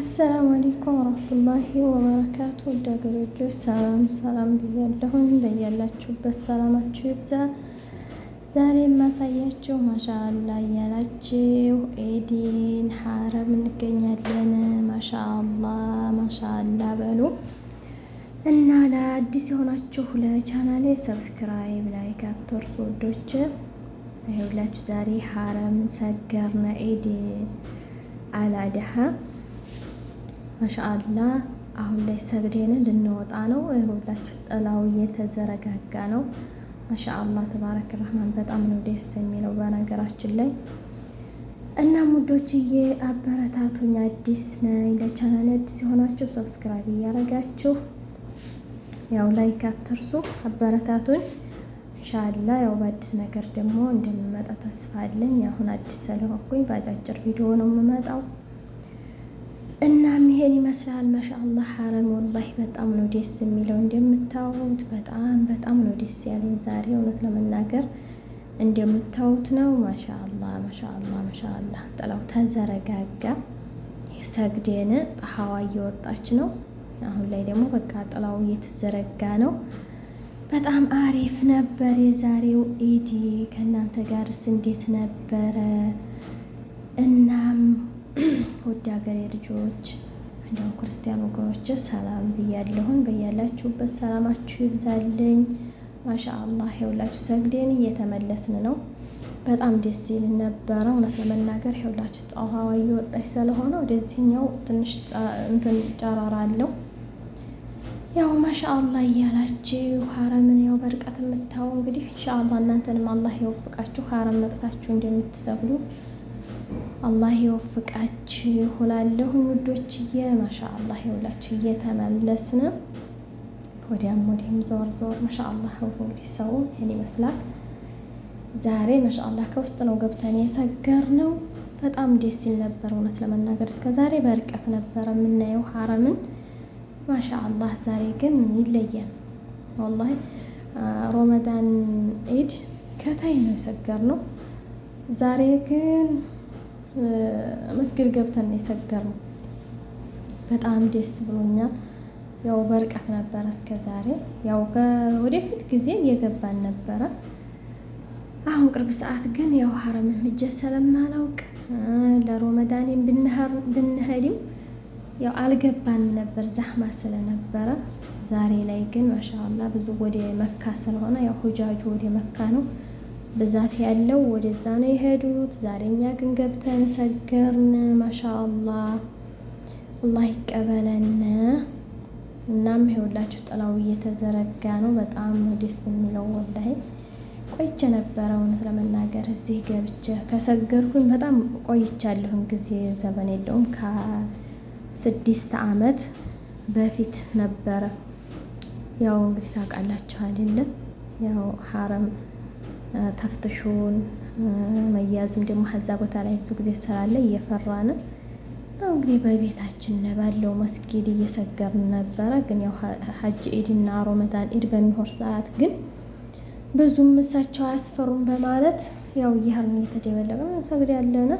አሰላሙ አሌይኩም ወረህመቱላሂ ወበረካቱ። ውድ አገሮጆች ሰላም ሰላም ብያለሁኝ። በያላችሁበት ሰላማችሁ ይብዛ። ዛሬ የማሳያችሁ ማሻአላ እያላችሁ ኤዲን ሀረም እንገኛለን። ማሻአላ ማሻአላ በሉ እና ለአዲስ የሆናችሁ ለቻናሌ ሰብስክራይብ፣ ላይክ አትርሱ ውዶች። ይኸውላችሁ ዛሬ ሀረም ሰገርነ ኤድ አላድሀ ማሻአላ አሁን ላይ ሰግደን ልንወጣ ነው። ሁላችሁ ጥላው እየተዘረጋጋ ነው። ማሻአላ ተባረክ ረህማን በጣም ነው ደስ የሚለው በነገራችን ላይ እና ሙዶችዬ አበረታቱኝ። አዲስ ነኝ ለቻናል አዲስ የሆናችሁ ሰብስክራይብ እያረጋችሁ ያው ላይክ አትርሱ፣ አበረታቱኝ። ኢንሻአላ ያው በአዲስ ነገር ደግሞ እንደምመጣ ተስፋ አለኝ። አሁን አዲስ ስለሆንኩኝ በአጫጭር ቪዲዮ ነው የምመጣው። እናም ይሄን ይመስላል። ማሻአላህ ሐረም ወላሂ በጣም ነው ደስ የሚለው እንደምታዩት፣ በጣም በጣም ነው ደስ ያለኝ ዛሬ እውነት ለመናገር እንደምታዩት ነው። ማሻአላህ ማሻአላህ ማሻአላህ ጥላው ተዘረጋጋ። የሰግደን ጣሃዋ እየወጣች ነው። አሁን ላይ ደግሞ በቃ ጥላው እየተዘረጋ ነው። በጣም አሪፍ ነበር የዛሬው ኢዲ። ከእናንተ ጋርስ እንዴት ነበረ? እናም ውድ ሀገሬ ልጆች እንዲሁም ክርስቲያን ወገኖች ሰላም ብያለሁን። በያላችሁበት ሰላማችሁ ይብዛልኝ። ማሻ አላህ ሰግዴን እየተመለስን ነው። በጣም ደስ ይል ነበረ። እውነት ለመናገር ይኸውላችሁ ጠዋ እየወጣች ስለሆነ ወደዚህኛው ትንሽ እንትን ጨረራ አለው። ያው ማሻ አላህ እያላችሁ ሀረምን ያው በርቀት የምታው እንግዲህ ኢንሻ አላህ እናንተንም አላህ የወፍቃችሁ ሀረም መጥታችሁ እንደምትሰግዱ አላህ ይወፍቃችሁ እላለሁ ውዶችዬ። ማሻ አላህ ይውላችሁ እየተመለስን ወዲያም ወዲህም ዘወር ዘወር ማሻ አላህ ሀውስ እንግዲህ ሰው ይህን ይመስላል። ዛሬ ማሻ አላህ ከውስጥ ነው ገብተን የሰገር ነው። በጣም ደስ ይል ነበር እውነት ለመናገር እስከ ዛሬ በርቀት ነበረ የምናየው ሀረምን ማሻ አላህ። ዛሬ ግን ይለያል ወላሂ ሮመዳን ኢድ ከታይ ነው የሰገር ነው ዛሬ ግን መስጊድ ገብተን የሰገረው በጣም ደስ ብሎኛል። ያው በርቀት ነበረ እስከ ዛሬ ያው ወደፊት ጊዜ እየገባን ነበረ። አሁን ቅርብ ሰዓት ግን ያው ሀረም ሂጄ ስለማላውቅ ለሮመዳኔም ብንሄድም ያው አልገባን ነበር ዛህማ ስለነበረ። ዛሬ ላይ ግን ማሻአላ ብዙ ወደ መካ ስለሆነ ያው ሁጃጁ ወደ መካ ነው። ብዛት ያለው ወደዛ ነው የሄዱት። ዛሬኛ ግን ገብተን ሰገርን። ማሻ አላህ አላህ ይቀበለን። እናም ይኸውላችሁ ጥላው እየተዘረጋ ነው። በጣም ነው ደስ የሚለው። ወላሂ ቆይቼ ነበረ እውነት ለመናገር እዚህ ገብቼ ከሰገርኩኝ በጣም ቆይቻለሁን። ጊዜ ዘመን የለውም። ከስድስት አመት በፊት ነበረ። ያው እንግዲህ ታውቃላችሁ አይደለም ያው ሀረም ተፍትሹን መያዝም ደግሞ ሀዛ ቦታ ላይ ብዙ ጊዜ ስላለ እየፈራን ያው እንግዲህ በቤታችን ባለው መስጊድ እየሰገርን ነበረ። ግን ያው ሀጅ ኢድና ሮመዳን ኢድ በሚሆን ሰዓት ግን ብዙም እሳቸው አያስፈሩም በማለት ያው ይህርን እየተደበለቀ ሰግድ ያለነ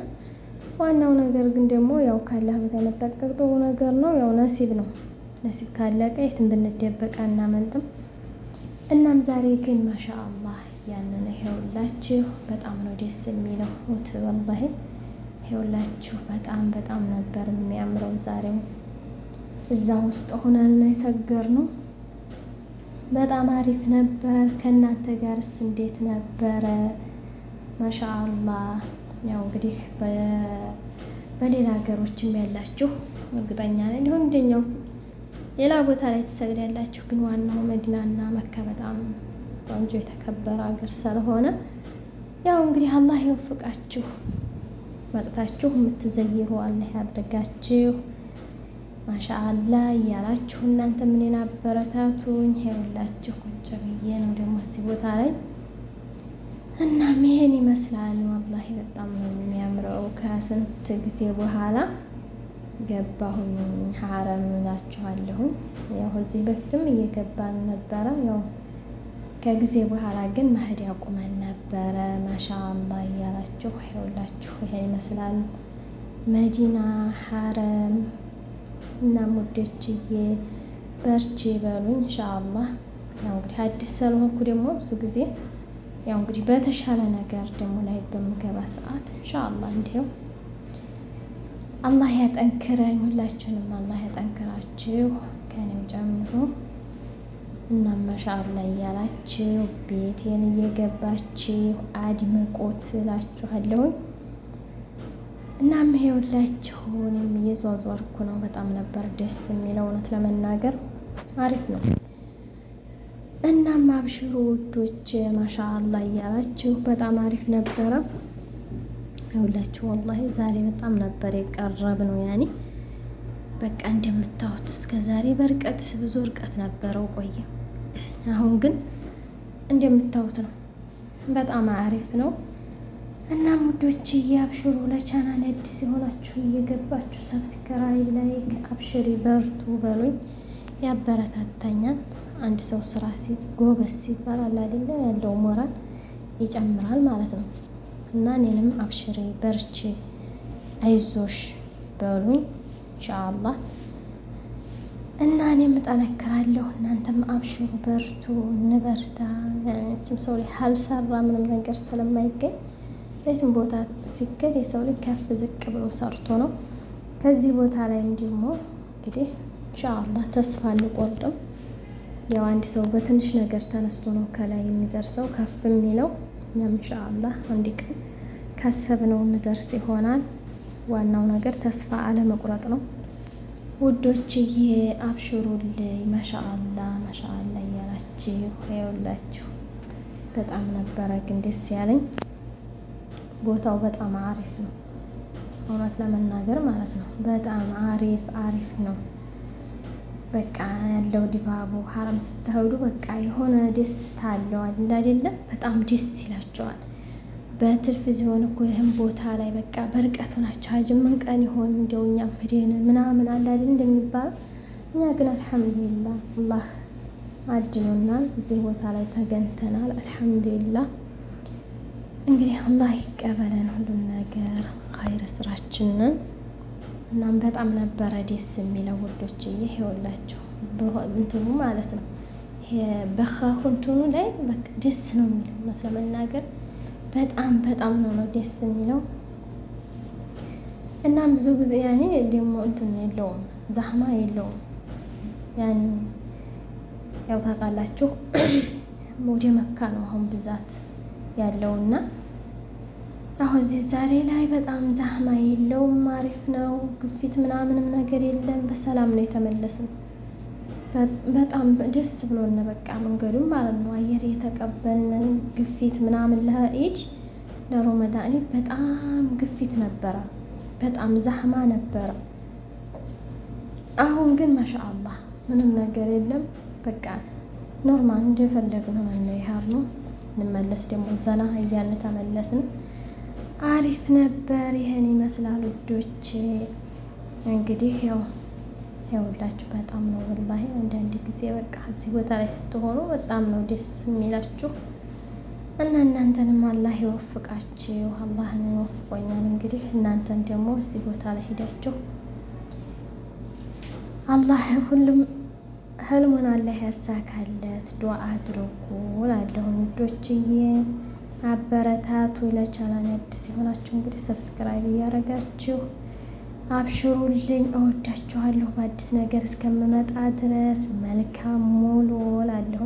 ዋናው ነገር ግን ደግሞ ያው ካላህ በተመጠቀቅ ጥሩ ነገር ነው። ያው ነሲብ ነው። ነሲብ ካለቀ የትም ብንደበቅ አናመልጥም። እናም ዛሬ ግን ማሻ አላህ ያንን ይሄውላችሁ በጣም ነው ደስ የሚለው ሁት ወላሂ ይሄውላችሁ በጣም በጣም ነበር የሚያምረው። ዛሬው እዛ ውስጥ ሆነን ነው የሰገርነው። በጣም አሪፍ ነበር። ከእናንተ ጋርስ እንዴት ነበረ? ማሻአላ ያው እንግዲህ በሌላ ሀገሮችም ያላችሁ እርግጠኛ ነኝ ሊሆን እንደኛው ሌላ ቦታ ላይ ትሰግዳላችሁ፣ ግን ዋናው መዲናና መካ በጣም ቆንጆ የተከበረ ሀገር ስለሆነ ያው እንግዲህ አላህ ይወፍቃችሁ፣ መጥታችሁ የምትዘይሩ አላህ ያድርጋችሁ። ማሻአላ እያላችሁ እናንተ ምን የናበረታቱኝ ሄውላችሁ ቁጭ ብዬ ነው ደግሞ እዚህ ቦታ ላይ እና ይሄን ይመስላል። ወላሂ በጣም ነው የሚያምረው። ከስንት ጊዜ በኋላ ገባሁኝ ሀረም እላችኋለሁ። ያው እዚህ በፊትም እየገባን ነበረ ያው ከጊዜ በኋላ ግን መሄድ ያቁመን ነበረ። ማሻአላ እያላችሁ ይኸውላችሁ ይሄ ይመስላል መዲና ሐረም እና ሙዶችዬ በርቺ በሉኝ። እንሻላ ያው እንግዲህ አዲስ ስለሆንኩ ደግሞ ብዙ ጊዜ ያው እንግዲህ በተሻለ ነገር ደግሞ ላይ በምገባ ሰዓት ኢንሻአላህ እንዲው አላህ ያጠንክረኝ። ሁላችሁንም አላህ ያጠንክራችሁ ከኔም ጨምሮ እና ማሻአላ እያላችሁ ቤቴን እየገባችሁ አድምቆት እላችኋለሁኝ። እናም ይኸውላችሁ እኔም እየዟዟርኩ ነው። በጣም ነበር ደስ የሚለው እውነት ለመናገር አሪፍ ነው። እናም አብሽሩ ውዶች ማሻአላ እያላችሁ በጣም አሪፍ ነበረ። ይኸውላችሁ ወላሂ ዛሬ በጣም ነበር የቀረብ ነው ያኔ በቃ እንደምታዩት እስከ ዛሬ በርቀት ብዙ እርቀት ነበረው ቆየ አሁን ግን እንደምታዩት ነው። በጣም አሪፍ ነው እና ሙዶች አብሽሩ። ለቻናል አዲስ የሆናችሁ እየገባችሁ ሰብስክራይብ፣ ላይክ፣ አብሽሪ፣ በርቱ በሉኝ። ያበረታታኛል። አንድ ሰው ስራ ሲዝ ጎበዝ ሲባላል አይደለ? ያለው ሞራል ይጨምራል ማለት ነው እና እኔንም አብሽሬ በርቺ፣ አይዞሽ በሉኝ ኢንሻአላህ እና እኔም እጠነክራለሁ፣ እናንተም አብሽሩ፣ በርቱ፣ እንበርታ። ያንችም ሰው ላይ ካልሰራ ምንም ነገር ስለማይገኝ በየትም ቦታ ሲገድ የሰው ላይ ከፍ ዝቅ ብሎ ሰርቶ ነው። ከዚህ ቦታ ላይም ደግሞ እንግዲህ ኢንሻአላህ ተስፋ አንቆርጥም። ያው አንድ ሰው በትንሽ ነገር ተነስቶ ነው ከላይ የሚደርሰው ከፍ የሚለው። እኛም ኢንሻአላህ አንድ ቀን ካሰብነው እንደርስ ይሆናል። ዋናው ነገር ተስፋ አለመቁረጥ ነው። ውዶችዬ አብሽሩልኝ። ማሻአላ ማሻአላ እያላችሁ ይኸውላችሁ፣ በጣም ነበረ ግን ደስ ያለኝ። ቦታው በጣም አሪፍ ነው፣ እውነት ለመናገር ማለት ነው። በጣም አሪፍ አሪፍ ነው። በቃ ያለው ድባቡ ሀረም ስትሄዱ በቃ የሆነ ደስታ አለው አይደለም? በጣም ደስ ይላቸዋል። በትርፍ ሲሆን እኮ ይህም ቦታ ላይ በቃ በርቀቱ ናቸው። ሀጅ ምን ቀን ይሆን እንዲያው እኛም ሄደን ምናምን አላል እንደሚባል እኛ ግን አልሐምዱሊላ አላህ አድኖናል። እዚህ ቦታ ላይ ተገንተናል። አልሐምዱሊላ እንግዲህ አላህ ይቀበለን ሁሉም ነገር ኸይር ስራችንን። እናም በጣም ነበረ ደስ የሚለው ውዶች፣ ይህ ይኸውላችሁ እንትኑ ማለት ነው በኻኹ ላይ ደስ ነው የሚለው እውነት ለመናገር በጣም በጣም ነው ነው ደስ የሚለው። እናም ብዙ ጊዜ ያኔ ደግሞ እንትን የለውም ዛህማ የለውም። ያኔ ያው ታውቃላችሁ ወደ መካ ነው አሁን ብዛት ያለውና አሁን እዚህ ዛሬ ላይ በጣም ዛህማ የለውም። አሪፍ ነው ግፊት ምናምንም ነገር የለም። በሰላም ነው የተመለስን። በጣም ደስ ብሎን በቃ መንገዱን ማለት ነው አየር የተቀበልን ግፊት ምናምን ለኢድ ለሮመዳን በጣም ግፊት ነበረ፣ በጣም ዛህማ ነበረ። አሁን ግን ማሻአላህ ምንም ነገር የለም። በቃ ኖርማል እንደፈለግነው ነው ይሄር ነው። እንመለስ ደግሞ ዘና እያልን ተመለስን። አሪፍ ነበር። ይሄን ይመስላል ውዶች እንግዲህ ያው ይኸውላችሁ በጣም ነው ወላሂ አንዳንድ ጊዜ በቃ እዚህ ቦታ ላይ ስትሆኑ በጣም ነው ደስ የሚላችሁ እና እናንተንም አላህ ይወፍቃችሁ። አላህን ይወፍቆኛል። እንግዲህ እናንተን ደግሞ እዚህ ቦታ ላይ ሄዳችሁ አላህ ሁሉም ህልሙን አላህ ያሳካለት ዱዓ አድርጉ እላለሁ። ውዶችዬ አበረታቱ። ለቻናል አዲስ የሆናችሁ እንግዲህ ሰብስክራይብ እያደረጋችሁ አብሽሩልኝ፣ እወዳችኋለሁ። በአዲስ ነገር እስከምመጣ ድረስ መልካም ሙሉ እላለሁ።